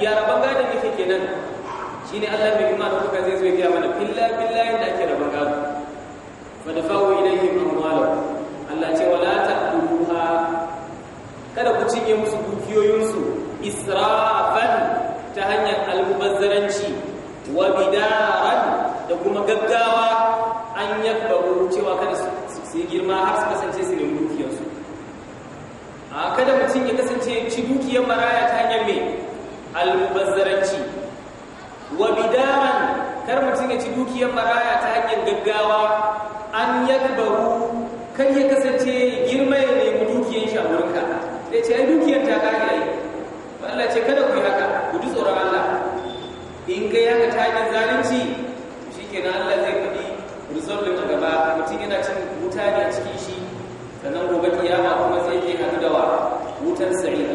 ya ne ke yake kenan shine Allah mai girma da kuka zai zai gaya mana filla-filla yadda ake raban gado fa da fawo ilaihim amwalahu Allah ce wala ta'duha kada ku cinye musu dukiyoyinsu israfan ta hanyar almubazzaranci wa bidaran da kuma gaggawa an yakbaru cewa kada su yi girma har su kasance su nemi dukiyarsu a kada mutum ya kasance ci dukiyar maraya ta almubazzaranci wa bidaman kar mutum ya ci dukiyar maraya ta hanyar gaggawa an yadbaru kar ya kasance girma ya nemi dukiyar shi a wurinka ce ai dukiyar ta kare ai Allah ce kada ku yi haka ku ji tsoron Allah in kai haka ta hanyar zalunci shikenan Allah zai faɗi result din gaba mutum yana cin wuta ne a cikin shi sannan gobe kiyama kuma zai je haɗu da wa wutar sayi.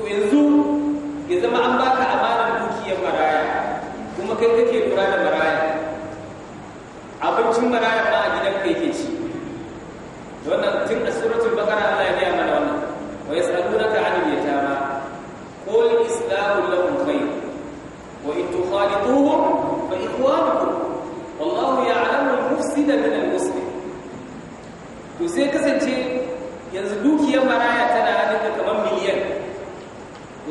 to yanzu ya zama an baka amanar dukiyar maraya kuma kai kake kura da maraya abincin maraya ba a gidan kai ke ci wannan tun a suratul baqara Allah ya gaya mana wannan wa yas'alunaka 'anil yatama qul islamu lahum khair wa in tukhaliduhum fa ikhwanukum wallahu ya'lamu al-mufsida min al-muslim to sai kasance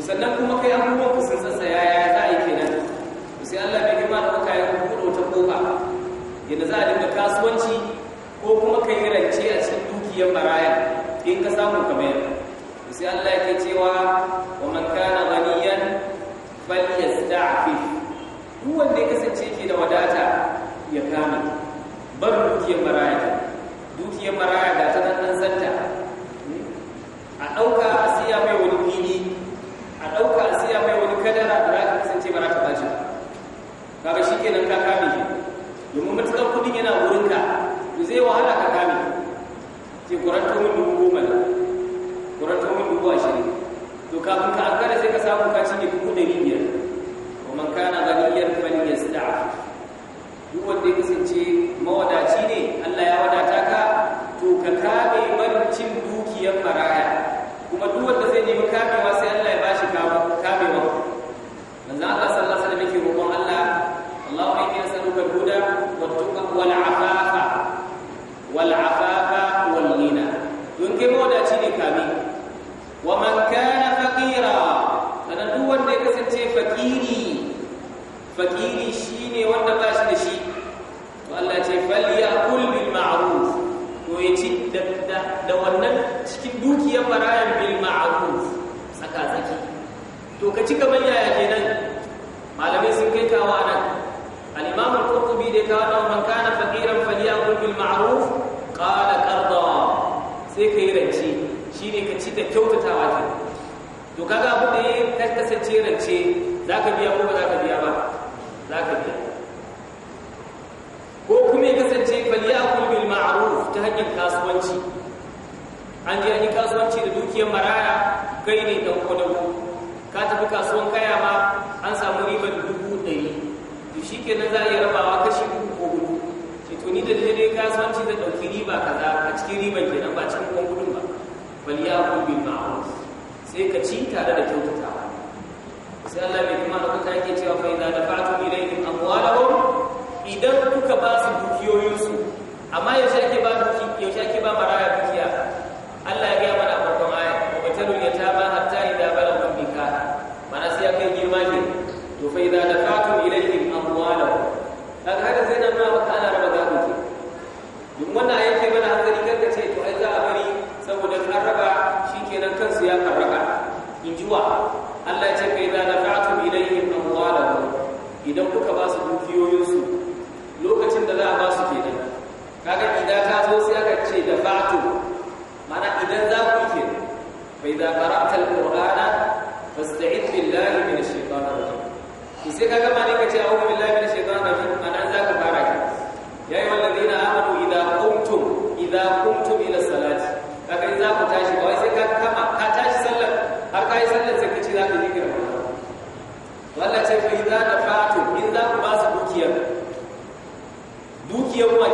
sannan kuma kai abubuwan ka sun tsatsaya ya za a yi kenan sai Allah bai girma da kuka yi ta kofa yadda za a dinga kasuwanci ko kuma ka yi rance a cikin dukiyar baraya in ka samu ka mayar sai Allah yake cewa wa man kana ghaniyan hafi duk wanda ya kasance ke da wadata ya kama bar dukiyar baraya dukiyar baraya da ta kafin ka ankara sai ka samu ka cinye dubu ɗari biyar wa man kana ganiyar fali ya sida duk wanda ya kasance mawadaci ne Allah ya wadata ka to ka kame barcin dukiyar maraya kuma duk wanda zai nemi kamewa sai Allah ya bashi kamewa manzo Allah sallallahu alaihi wasallam yake roƙon Allah Allahumma inni as'aluka al-huda wat-tuqa wal-afafa wal-afafa wal-ghina don kai mawadaci ne kame wa fakiri fakiri shine wanda ba shi da shi to Allah ce falyakul bil ma'ruf ko yace da da wannan cikin dukiyar barayan bil ma'ruf saka zaki to ka ci gaban yaya kenan malamai sun kai kawo anan al-imam al-qurtubi da kawo da man kana faqiran falyakul bil ma'ruf qala qarda sai kai rance shine ka ci da kyautatawa kenan to kaga abin da kasance rance za ka biya ko ba za ka biya ba za ka biya ko kuma ya kasance falyakul bil maaruf ta hanyar kasuwanci an je an yi kasuwanci da dukiyar maraya kai ne dan kwadago ka tafi kasuwan kaya ba an samu ribar dubu ɗari da shi kenan za a yi rabawa kashi uku ko hudu ce tuni da daidai kasuwanci da ɗauki riba kaza a cikin riban kenan ba cikin kwan gudun ba bal ya kun bil maaruf sai ka ci tare da kyautata sai Allah mai kuma ɗaukaka yake cewa faiza da dafa'tum ilayhim amwalahum idan kuka ba su dukiyoyinsu amma yaushe ake ba قرأت القرآن فاستعذ بالله من الشيطان الرجيم sai ka gama ne ka ce a'udhu billahi minash shaitanir rajim anan zaka fara ki ya ayyuha alladhina amanu idza qumtum idza qumtum ila salati kaga in za ku tashi ba wai sai ka tashi sallar har kai sallar sai ka ce za ka yi girma wallahi ce fa idza in za ku ba su dukiyar dukiyar kuma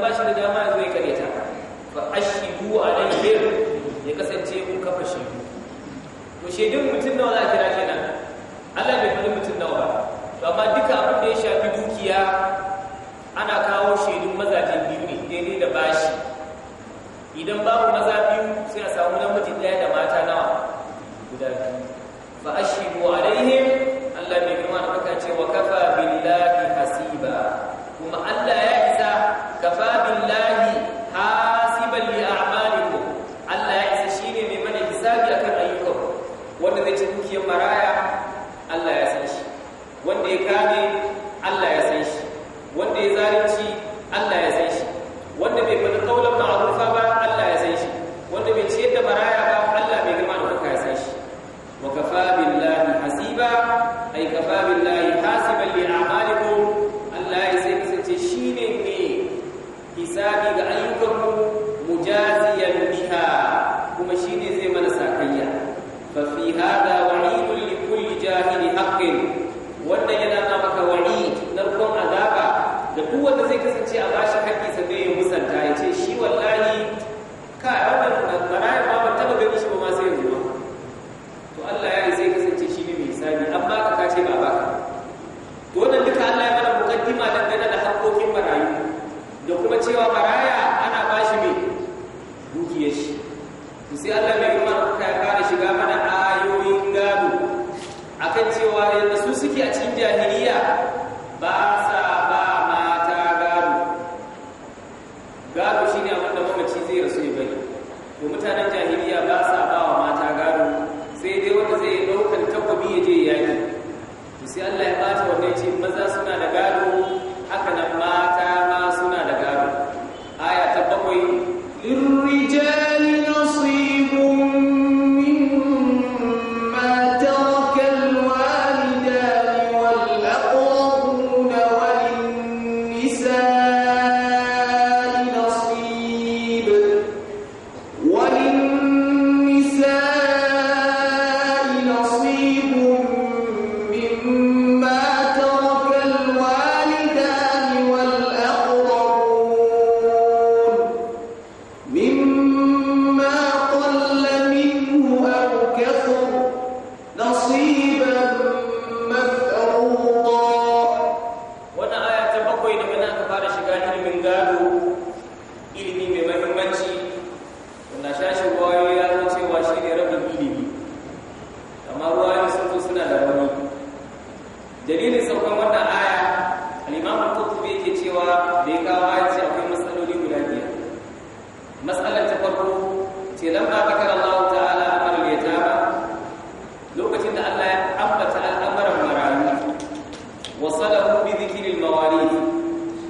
ba shi da dama zai kare ta fa alai bir ya kasance mun kafa shaidu to shaidun mutum nawa za kira kenan Allah bai faɗi mutum nawa ba to amma duka abin da ya shafi dukiya ana kawo shaidun mazaje biyu ne daidai da bashi idan ba matsalar ta farko ce lamba zakar Allah ta'ala amal yatama lokacin da Allah ya ambata al'amuran marayu wasalahu bi dhikril mawarith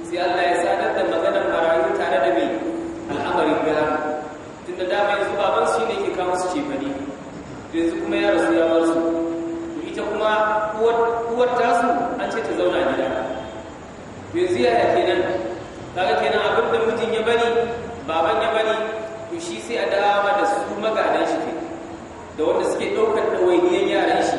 sai Allah ya sadar da maganar marayu tare da mai al'amarin gado tunda dama yanzu baban shi ne ke kawo su cefane yanzu kuma ya rasu ya bar su ita kuma uwar tasu an ce ta zauna gida yanzu ya sai a dama da su magadan shi da wanda suke ɗaukar ɗawainiyar yaran shi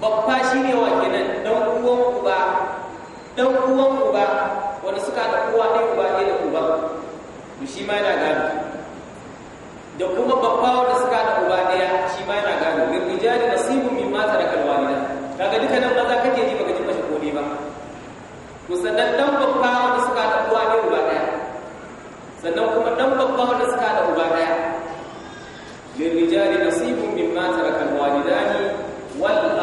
babba ne wa kenan dan uwan uba dan uwan uba wanda suka haɗa kowa ɗaya uba ɗaya da uba to shi ma yana gado da kuma babba wanda suka haɗa uba ɗaya shi ma yana gado bin rijali nasibun min ma tarakal walida kaga duka nan maza kake ji baka ji mace ko ne ba to dan babba wanda suka haɗa uwa ɗaya uba ɗaya sannan kuma dan babba wanda suka haɗa uba ɗaya للرجال نصيب مما ترك الوالدان wallahi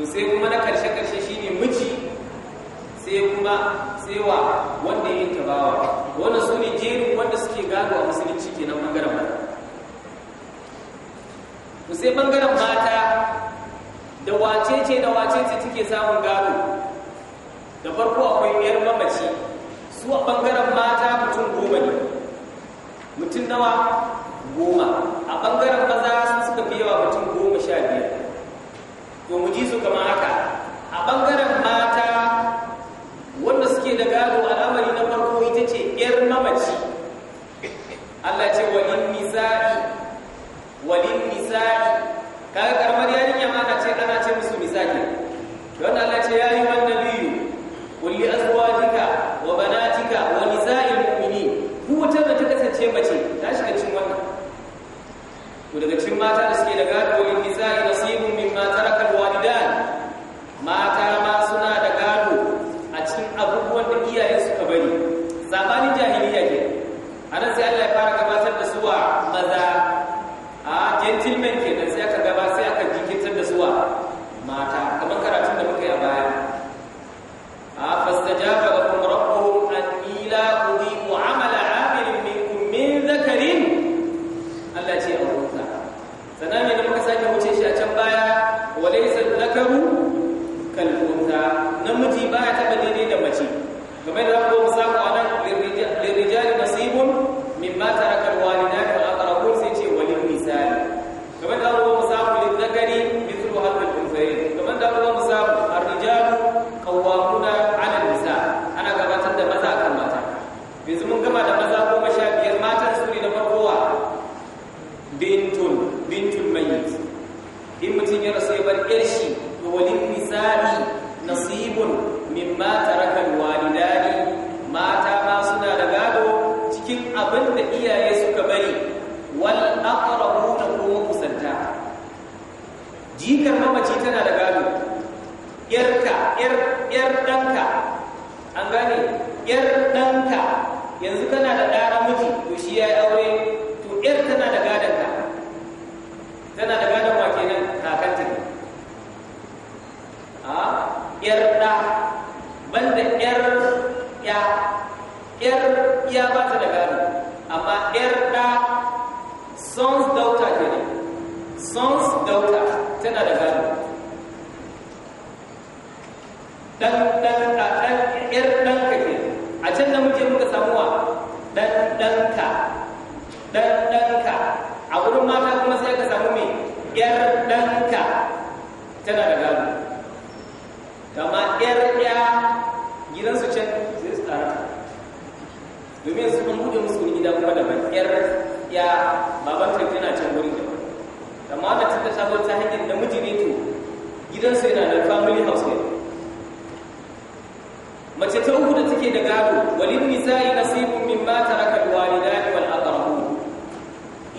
to sai kuma na karshe karshe shine miji sai kuma sai wa wanda ya tabawa bawa wannan su ne jerin wanda suke gado a musulunci kenan bangaren mata to sai bangaren mata da wace ce da wace ce take samun gado da farko akwai yar mamaci su a bangaren mata mutum goma ne mutum nawa goma a bangaren maza sun suka fi yawa mutum goma sha biyar to mu ji su kama haka a ɓangaren mata wanda suke da gado al'amari na farko ita ce yar mamaci Allah ce walin nisa'i walin nisa'i kaga karamar yarinya ma ana ce ana ce musu misaki don Allah ce ya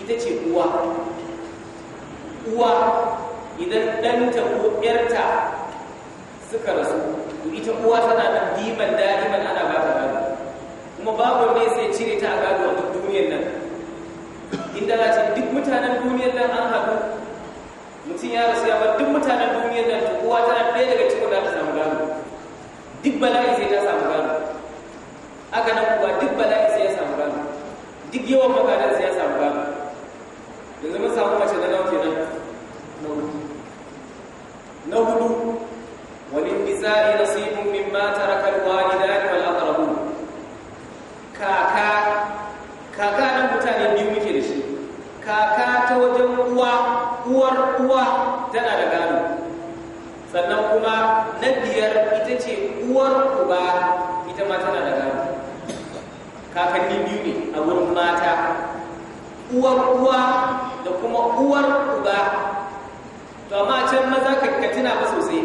ita ce uwa uwa idan ɗanta ko ƴarta suka rasu ita uwa tana nan diman da'iman ana ba ta gado kuma babu ne sai cire ta a gado a duk duniyar nan inda za ce duk mutanen duniyar nan an haɗu mutum ya rasu ya ba duk mutanen duniyar nan uwa tana ɗaya daga cikin da ta samu gado duk bala'i sai ta samu gado haka nan kuwa duk bala'i sai ya samu gado duk yawan magana sai ya samu gado yanzu mun samu mace na nauke nan na hudu na hudu walin nisa'i nasibun mimma taraka alwalidani wal aqrabun kaka kaka nan mutane biyu muke da shi kaka ta wajen uwa uwar uwa tana da gano, sannan kuma na biyar ita ce uwar uba ita ma tana da gano kakanni biyu ne a wurin mata uwar uwa kuma uwar uba to amma can maza ka na ba sosai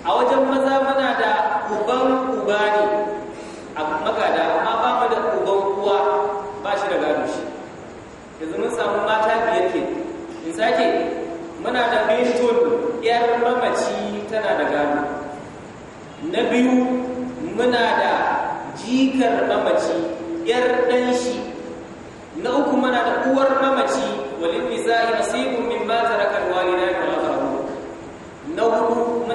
a wajen maza muna da uban uba ne a magada amma ba mu da uban uwa ba shi da gado shi yanzu mun samu mata biyar ke in sake muna da binton yar mamaci tana da gado na biyu muna da jikar mamaci yar dan shi na uku muna da uwar mamaci وللنساء نصيب مما ترك الوالدان والأقربون نوض من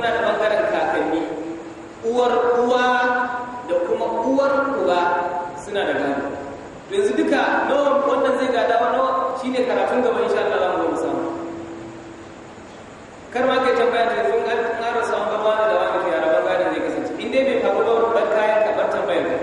uwar uwa da kuma uwar uba suna da yanzu duka nawa wannan zai gada nawa shine karatun gaba insha Allah samu kar ma kai tambaya da yanzu an ƙara samu barwa da wani yara zai kasance in dai bai faru ba ban kayan ka tambayar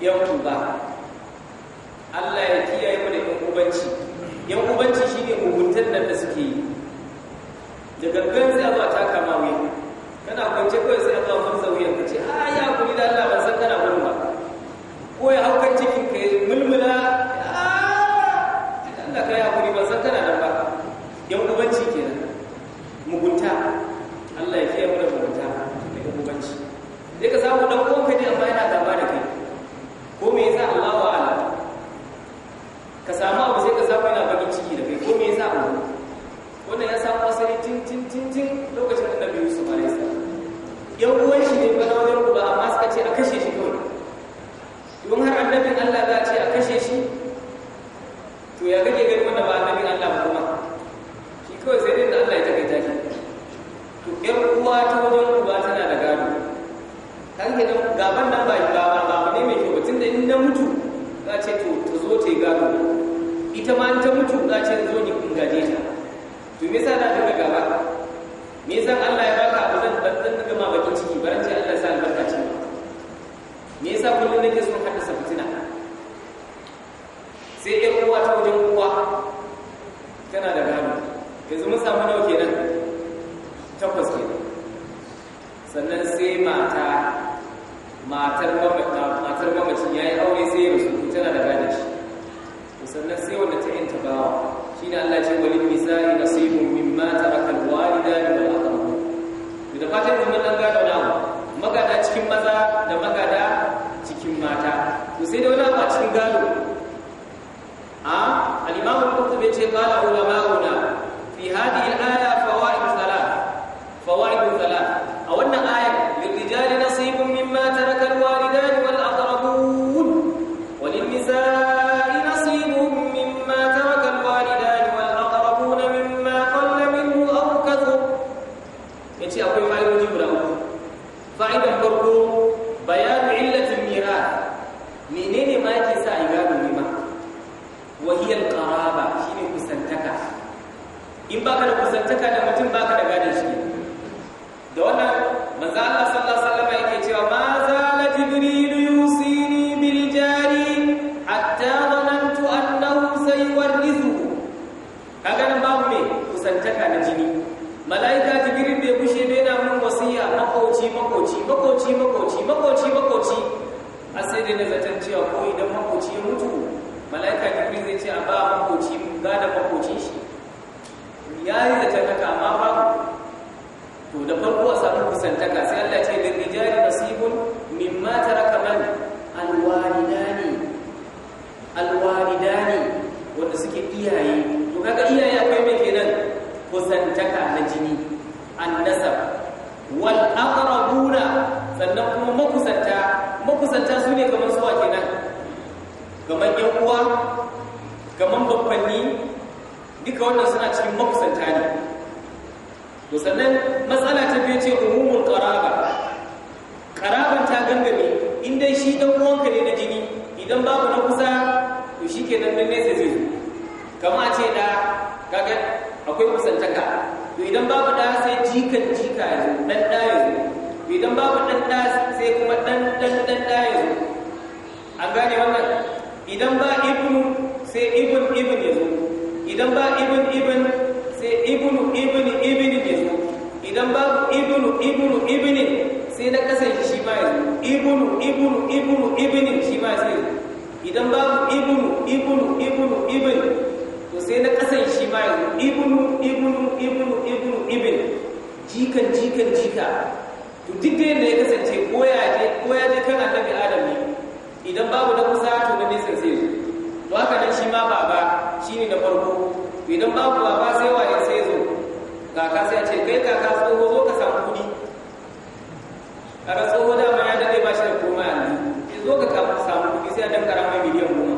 yawon ba Allah ya kiyaye mu da yankubanci yankubanci shi ne muguntar nan da suke yi da gangan sai ba ta kama wuya kana kwance kawai sai Allah mun zauya ka ce a ah, ya matar mamacin ya yi aure sai ya rasu tana da gane shi sannan sai wanda ta yanta bawa shi ne Allah ce wani misali na sai mun min mata a kalwa ni da wani akamu da fatan yi mun nan gado na magada cikin maza da magada cikin mata to sai da wani abu a cikin gado a ah, kuma imamu ce qala makoci ya mutu mala'ika jibril zai ce a ba makoci gada makocin shi ya yi zaton haka amma ba, to da farko a samu kusantaka sai Allah ce da rijali nasibun mimma taraka man alwalidani alwalidani wanda suke iyaye to kaga iyaye akwai me kenan kusantaka na jini annasab wal aqrabuna sannan kuma makusanta makusanta ne kamar suwa kenan gaman yan uwa kamar babbanni duka wannan suna cikin makusanta ne to sannan matsala ta biyu ce umumin qaraba qaraban ta gangame in dai shi dan uwanka ne na jini idan babu na kusa to shi ke nan nesa zai kama ce da kaga akwai kusantaka to idan babu da sai jikan jika ya zo dan da ya zo idan babu dan da sai kuma dan dan dan da ya zo an gane wannan idan ba ibn sai ibn ibn yazo idan ba ibn ibn sai ibn ibn ibn yazo idan ba ibn ibn ibn sai na kasance shi ba yazo ibn ibn ibn ibn shi ba sai idan ba ibn ibn ibn ibn to sai na kasance shi ba yazo ibn ibn ibn ibn ibn jikan jikan jika to duk da yadda ya kasance ko ya je kana nabi adam ne idan babu na kusa to na nesa zai zo to haka nan shi ma baba shi ne na farko idan babu baba sai waye sai zo kaka sai ce kai kaka tsoho zo ka samu kuɗi kaka tsoho dama ya dade ba shi da koma yanzu ki zo ka samu kuɗi sai a dan karama miliyan goma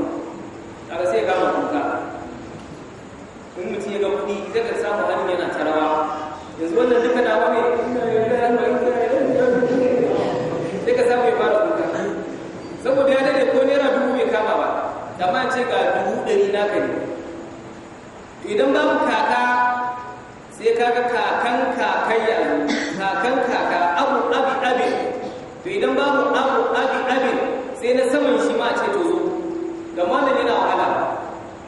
kaka sai ka kama kuka in mutum ya ga kuɗi zai ka samu hannu yana tarawa yanzu wannan duka na wani da ma ce ga dubu ɗari na ne idan babu kaka sai kaga kakan kakan yanzu. kakan kaka abu abi abi to idan babu abu abi abi sai na saman shi ma ce to ma da malam wahala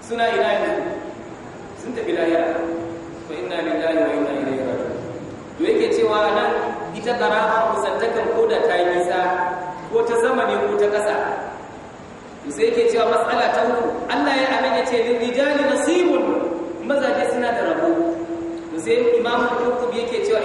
suna ina ne sun tafi ina fa inna lillahi wa ina ilaihi raji'un to yake cewa nan ita kara'a musantakan ko da ta yi nisa ko ta zamani ko ta ƙasa to sai yake cewa matsala ta uku Allah ya anan yace lil rijali nasibun mazaje suna da rabo to sai imamu qutb yake cewa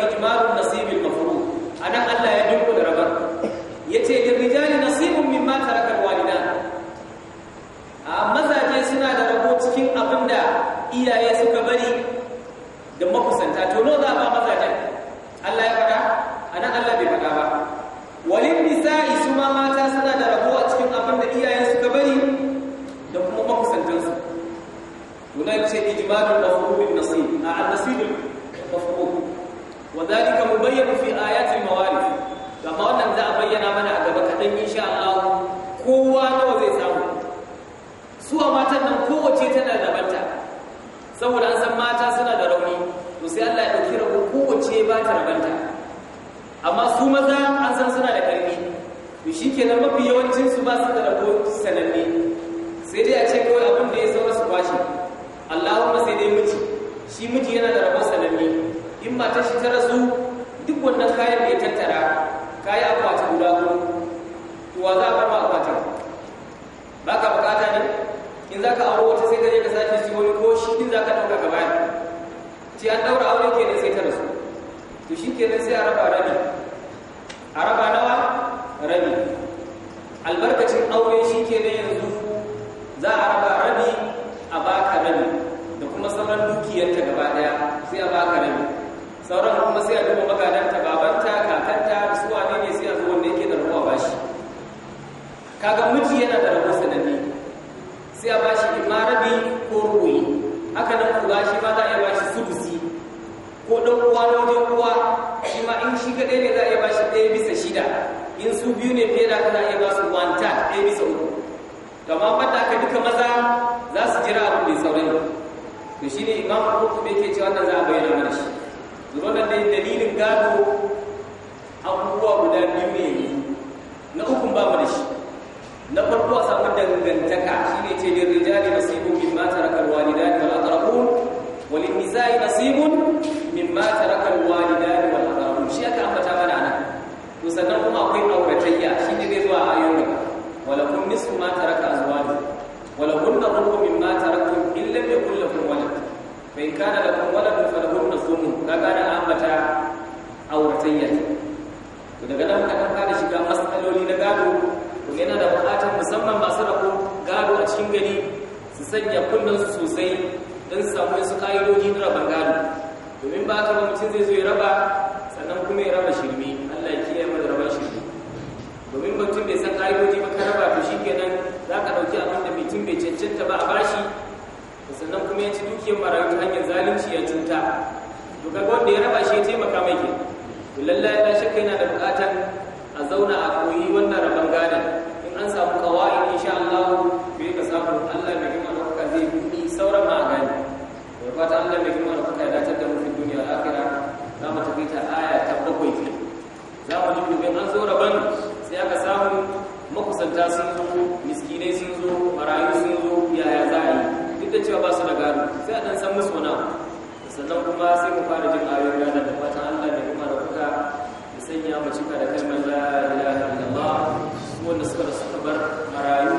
cikin gari su sanya kullum sosai don samu wasu ƙa'idoji na rabar gado domin ba ka ba mutum zai zo ya raba sannan kuma ya raba shirme Allah ya kiyaye mana raba shirme domin mutum bai san ƙa'idoji ba ka raba to shikenan za ka ɗauki abin da mutum bai cancanta ba a bashi sannan kuma ya ci dukiyar marayu ta hanyar zalunci ya cuta to kaga wanda ya raba shi ya taimaka mai ke to lallai ya shakka yana da buƙatar a zauna a koyi wannan rabar gado in an samu kawai samu Allah mai zai sauran a da fata Allah mai da ya dace da mafi duniya za mu tafi ta aya ta bakwai ke za mu ji dubin an zo rabon sai aka samu makusanta sun zo miskinai sun zo marayu sun zo yaya za a yi duk da cewa ba su da gado sai a ɗan san musu wani sannan kuma sai mu fara jin ayoyin ranar da fatan Allah mai girma da ya sanya mu cika da kalmar la ilaha illallah wanda suka bar marayu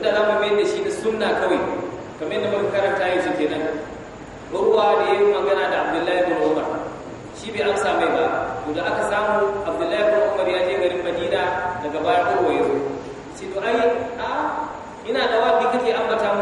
tunda da zama mai da shi da sunna kawai kamar yadda muka karanta yanzu kenan ruwa da yi magana da Abdullahi bin Umar shi bai amsa mai ba to da aka samu Abdullahi bin Umar ya je garin Madina daga bayan ruwa ya zo sai to ai a ina da wa kake ambata mu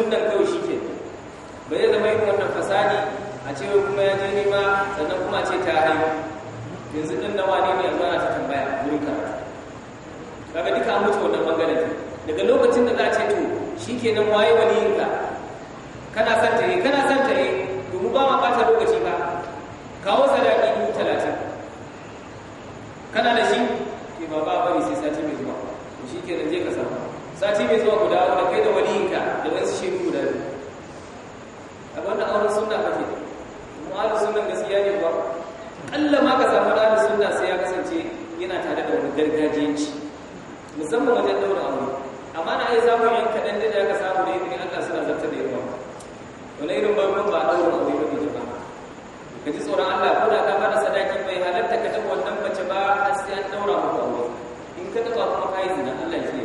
sunan kawai shi ke ba zai zama yin wannan fasadi a ce kuma ya je ma sannan kuma ce ta haihu yanzu ɗin nawa wane ne yanzu ana ta tambaya wurin karatu kaga duka an mutu wannan bangaren daga lokacin da za a ce to shi ke nan waye waliyinka kana son ta yi kana son ta yi domin ba ma ɓata lokaci ba kawo sadaki dubu talatin kana da shi ke ba ba bari sai sati mai zuwa to shi nan je ka samu sati mai zuwa ku dawo da kai da waliyinka auren sunna kake mu ahli sunnan gaskiya ne ba kalla ma ka samu ahli sunna sai ya kasance yana tare da wani gargajiyanci musamman wajen daura aure amma na iya samun yan kaɗan da aka samu da idan Allah suna zarta da yawa wani irin babban ba daura aure ba ne ba ka ji tsoron Allah ko da ka bada sadaki bai halarta ka taɓa wannan mace ba har sai an ɗaura maka aure in ka taɓa kuma kai zina Allah ya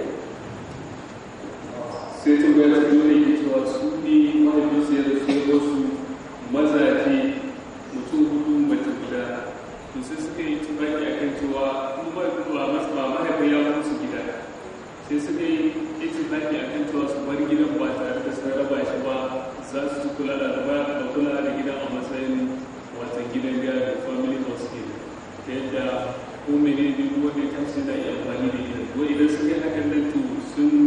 wa'idan sun yi hakan nan to sun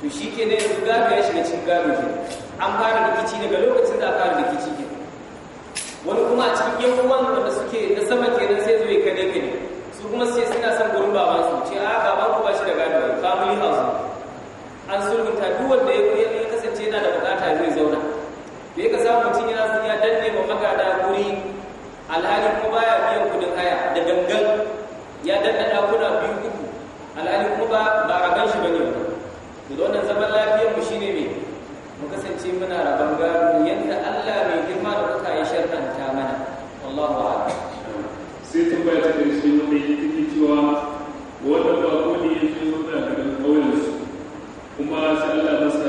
to shi ke ne yanzu ya shiga cikin gado ke an fara rikici daga lokacin da fara rikici ke wani kuma a cikin yan uwan da suke na sama nan sai zo ya kade ke su kuma sai suna san gurin baban su ce a baban ku ba shi da gado ne family house an sulhunta duk wanda ya kasance yana da bukata zai zauna da ya ka samu mutum yana sun ya danne ma magada guri alhali kuma baya biyan kudin haya da gangan ya danna dakuna biyu uku alhali kuma ba a gan shi bane ba to wannan zaman lafiyar mu shine me mu kasance muna rabon gado yadda Allah mai girma da kuka ya shar'anta mana wallahu a'lam sai tambaya ta karshe wanda yake cewa wanda ba ko ne yake zo da kauyen su kuma sai Allah ya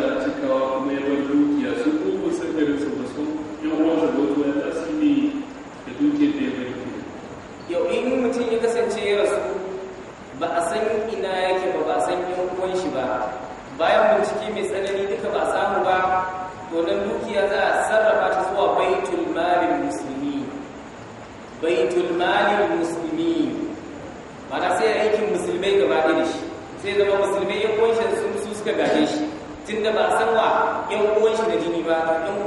don't know.